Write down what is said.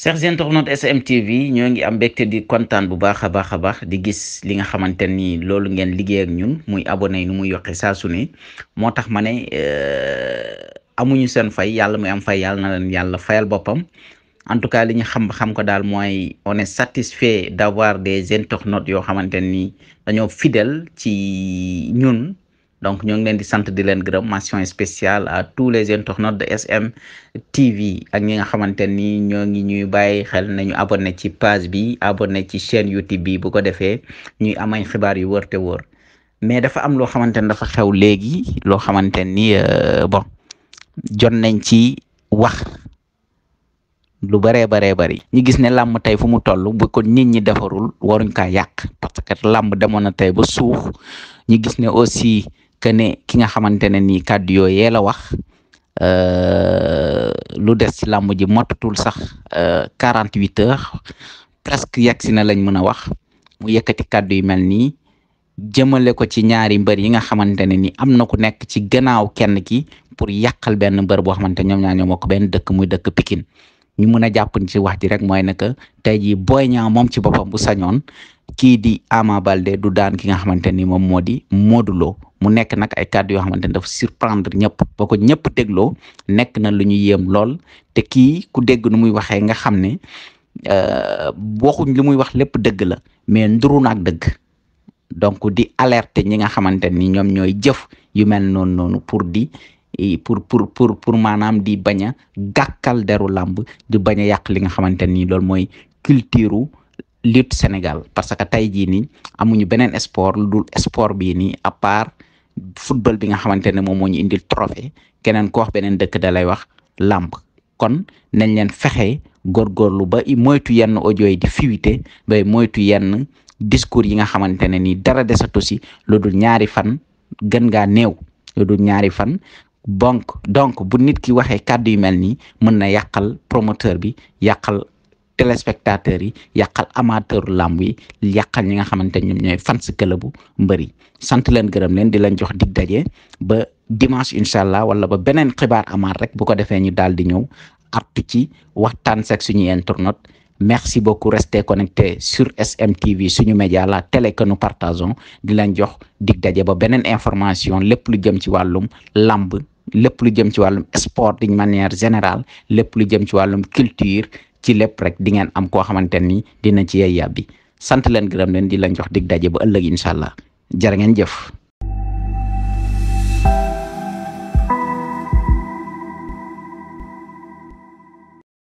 chers internautes SMTV ñoo ngi am mbégte di kontaan bu baax a baax a baax di gis li nga xamante ni loolu ngeen liggéey ak ñun muy abonné yi nu muy yokkee saa su ne moo tax ma ne euh, amuñu seen fay yàlla muy am fay yàlla na leen yàlla fayal boppam en tout cas li ñu xam xam ko daal mooy on est satisfait d'avoir des internautes yoo xamante ni dañoo fidèle ci ñun. donc ñoo ngi leen di sant di leen gërëm mention spéciale à tous les internautes de SM TV ak ñi nga xamante ni ñoo ngi ñuy bàyyi xel nañu abonné ci page bi abonné ci chaîne YouTube bi bu ko defee ñuy amay xibaar yu wër te wër mais dafa am loo xamante ni dafa xew léegi loo xamante ni euh, bon jot nañ ci wax lu baree baree bari ñu gis ne làmb tey fu mu toll bu ko nit ñi defarul waruñ kaa yàq parce que làmb demoon na tey ba aussi que ne ki nga xamante ne nii kàddu yooyee la wax euh, lu des ci làmb ji motatul sax euh, quarante huit heures presque yegg si na lañ mën a wax mu yëkkati kàddu yu mel nii jëmale ko ci ñaari mbër yi nga xamante ne ni am na ku nekk ci gannaaw kenn ki pour yàqal benn mbër boo xamante ñoom ñaar ñoo bokk benn dëkk muy dëkk Pikine ñu mën a jàpp ci wax ji rek mooy ne que tey jii Boy Niang moom ci boppam bu sañoon kii di Ama Balde du daan ki nga xamante ni moom moo di Modou Lo mu nekk nag ay kàddu yoo xamante ni dafa surprendre ñëpp boo ko ñëpp dégloo nekk na lu ñu yéem lool te kii ku dégg nu muy waxee nga xam ne euh, waxuñ lu muy wax lépp dëgg la mais nduru naag dëgg donc di alerte ñi nga xamante ni ñoom ñooy jëf yu mel noonu noonu pour di pour pour pour pour maanaam di bañ a gàkkal deru làmb di bañ a yàq li nga xamante ni loolu mooy culture lutte Sénégal parce que tey jii nii amuñu beneen sport lu dul sport bii nii a part football bi nga xamante ne moom moo ñu indil trophée keneen ko wax beneen dëkk da lay wax làmb kon nañ leen fexe góorgóorlu ba moytu yenn audio yi di fuité ba moytu yenn discours yi nga xamante ne nii dara desatu si lu dul ñaari fan gën ngaa néew lu ñaari fan donc bu nit ki waxee kàddu yu mel nii na yàqal promoteur bi yàqal téléspectateurs yi yàqal amateuru làmb yi yàqal ñi nga xamante ñoom ñooy fans këlëbu mbër yi sant leen gërëm leen di leen jox dig daje ba dimanche incha allah wala ba beneen xibaar amaat rek bu ko defee ñu daal di ñëw artu ci waxtaan sek suñuy internaute merci beaucoup restez connectés sur SMTV suñu média la télé que nous partageons di leen jox dig daje ba beneen information lépp lu jëm ci wàllum làmb lépp lu jëm ci wàllum sport d'une manière générale lépp lu jëm ci wàllum culture ci lépp rek di am koo xamante ni dina ci yey yàbbi sant leen gërëm leen di leen jox dig daje ba ëllëg incha allah jërë ngeen jëf